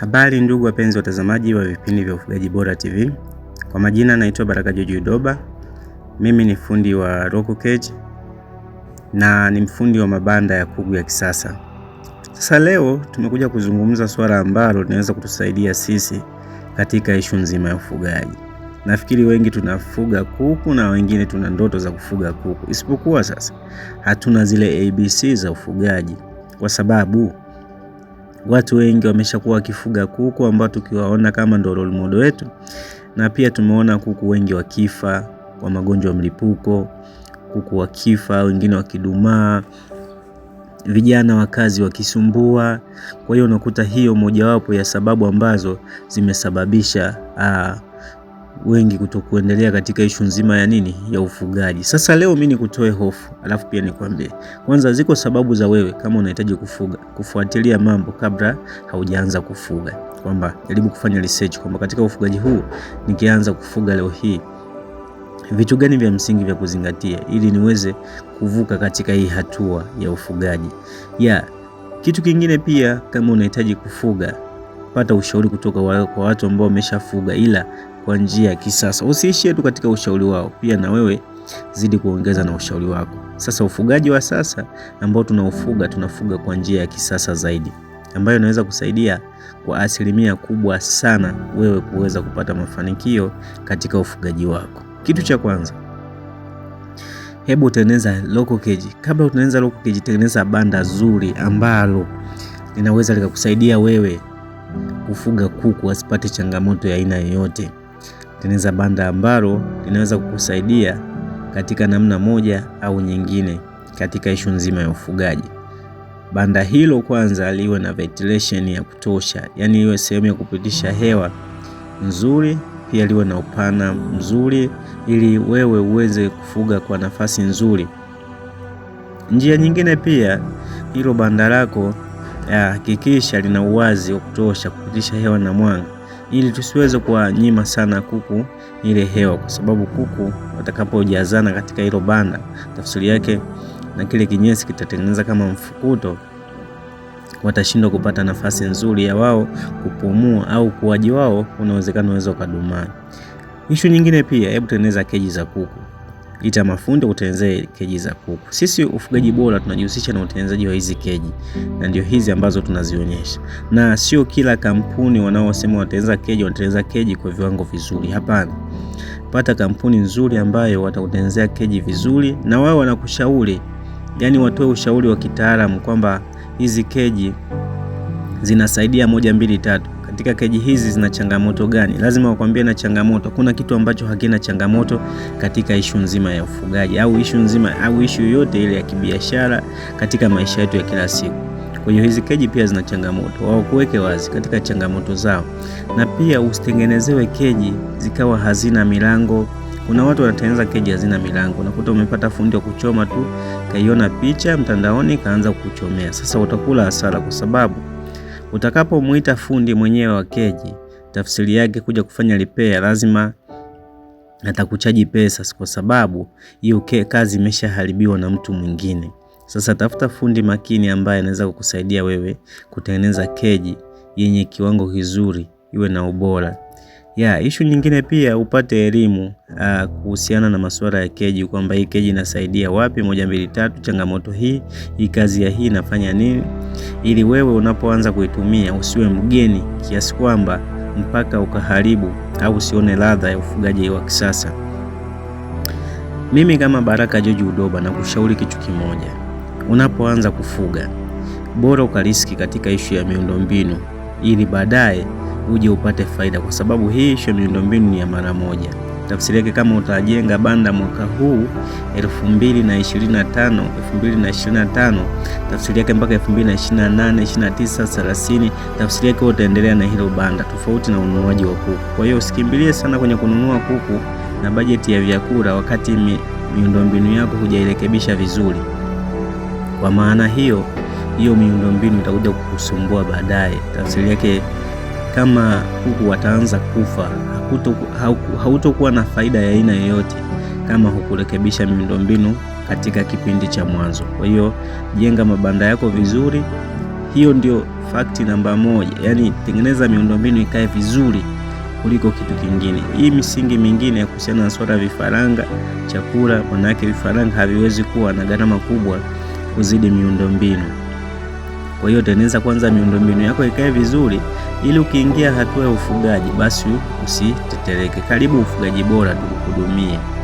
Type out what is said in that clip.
Habari ndugu wapenzi watazamaji wa vipindi vya Ufugaji Bora TV. Kwa majina naitwa Baraka Jojo Udoba. Mimi ni fundi wa Roku Cage na ni mfundi wa mabanda ya kuku ya kisasa. Sasa leo tumekuja kuzungumza swala ambalo linaweza kutusaidia sisi katika ishu nzima ya ufugaji. Nafikiri wengi tunafuga kuku na wengine tuna ndoto za kufuga kuku, isipokuwa sasa hatuna zile ABC za ufugaji kwa sababu watu wengi wameshakuwa wakifuga kuku ambao tukiwaona kama ndo role model wetu, na pia tumeona kuku wengi wakifa kwa magonjwa ya mlipuko, kuku wakifa, wengine wakidumaa, vijana wakazi wakisumbua. Kwa hiyo unakuta hiyo mojawapo ya sababu ambazo zimesababisha aa, ah, wengi kutokuendelea katika ishu nzima ya nini ya ufugaji. Sasa leo mimi nikutoe hofu, alafu pia nikwambie, kwanza ziko sababu za wewe kama unahitaji kufuga kufuatilia mambo kabla haujaanza kufuga, kwamba jaribu kufanya research kwamba katika ufugaji huu nikianza kufuga leo hii vitu gani vya msingi vya kuzingatia ili niweze kuvuka katika hii hatua ya ufugaji ya Kitu kingine pia, kama unahitaji kufuga, pata ushauri kutoka kwa watu ambao wameshafuga, ila kwa njia ya kisasa. Usiishie tu katika ushauri wao, pia na wewe zidi kuongeza na ushauri wako. Sasa ufugaji wa sasa ambao tunaufuga, tunafuga kwa njia ya kisasa zaidi ambayo inaweza kusaidia kwa asilimia kubwa sana wewe kuweza kupata mafanikio katika ufugaji wako. Kitu cha kwanza, hebu tengeneza local cage. Kabla utengeneza local cage, tengeneza banda zuri ambalo linaweza likakusaidia wewe kufuga kuku asipate changamoto ya aina yoyote tengeneza banda ambalo linaweza kukusaidia katika namna moja au nyingine katika ishu nzima ya ufugaji. Banda hilo kwanza liwe na ventilation ya kutosha, yaani iwe sehemu ya kupitisha hewa nzuri, pia liwe na upana mzuri ili wewe uweze kufuga kwa nafasi nzuri. Njia nyingine pia, hilo banda lako hakikisha lina uwazi wa kutosha kupitisha hewa na mwanga ili tusiweze kuwanyima sana kuku ile hewa, kwa sababu kuku watakapojazana katika hilo banda, tafsiri yake na kile kinyesi kitatengeneza kama mfukuto, watashindwa kupata nafasi nzuri ya wao kupumua, au ukuaji wao unawezekana unaweza ukadumaa. Ishu nyingine pia, hebu tengeneza keji za kuku ita mafundi kutengeneza keji za kuku. Sisi ufugaji bora tunajihusisha na utengenezaji wa hizi keji, na ndio hizi ambazo tunazionyesha, na sio kila kampuni wanaosema watatengeneza keji watatengeneza keji kwa viwango vizuri. Hapana, pata kampuni nzuri ambayo watakutengenezea keji vizuri, na wao wanakushauri, yani watoe ushauri wa kitaalamu kwamba hizi keji zinasaidia moja, mbili, tatu katika keji hizi zina changamoto gani? Lazima wakwambie na changamoto. Kuna kitu ambacho hakina changamoto katika ishu nzima ya ufugaji au ishu nzima au ishu yoyote ile ya kibiashara katika maisha yetu ya kila siku. Kwa hiyo hizi keji pia zina changamoto, wao kuweke wazi katika changamoto zao, na pia usitengenezewe keji zikawa hazina milango. Kuna watu wanatengeneza keji hazina milango, unakuta umepata fundi wa kuchoma tu, kaiona picha mtandaoni, kaanza kuchomea. Sasa utakula hasara kwa sababu Utakapomwita fundi mwenyewe wa keji, tafsiri yake kuja kufanya repair, lazima atakuchaji pesa, kwa sababu hiyo kazi imeshaharibiwa na mtu mwingine. Sasa tafuta fundi makini ambaye anaweza kukusaidia wewe kutengeneza keji yenye kiwango kizuri, iwe na ubora ya ishu nyingine pia upate elimu uh, kuhusiana na masuala ya keji, kwamba hii keji inasaidia wapi, moja mbili tatu, changamoto hii hii, kazi ya hii inafanya nini, ili wewe unapoanza kuitumia usiwe mgeni kiasi kwamba mpaka ukaharibu au usione ladha ya ufugaji wa kisasa. Mimi kama Baraka George Udoba na kushauri kitu kimoja, unapoanza kufuga bora ukariski katika ishu ya miundombinu ili baadaye uje upate faida, kwa sababu hii sio miundombinu ni ya mara moja. Tafsiri yake kama utajenga banda mwaka huu 2025 2025, tafsiri yake mpaka 2028 29 30, tafsiri yake utaendelea na hilo banda, tofauti na ununuaji wa kuku. Kwa hiyo usikimbilie sana kwenye kununua kuku na bajeti ya vyakula wakati miundombinu yako hujairekebisha vizuri. Kwa maana hiyo, hiyo miundombinu itakuja kukusumbua baadaye. Tafsiri yake kama kuku wataanza kufa, hautokuwa na faida ya aina yoyote kama hukurekebisha miundombinu katika kipindi cha mwanzo. Kwa hiyo jenga mabanda yako vizuri, hiyo ndio fakti namba moja. Yaani tengeneza miundombinu ikae vizuri kuliko kitu kingine. Hii misingi mingine ya kuhusiana na swala ya vifaranga, chakula, manake vifaranga haviwezi kuwa na gharama kubwa kuzidi miundombinu. Kwa hiyo tengeneza kwanza miundombinu yako ikae vizuri ili ukiingia hatua ya ufugaji basi usitetereke. Karibu Ufugaji Bora tukuhudumie.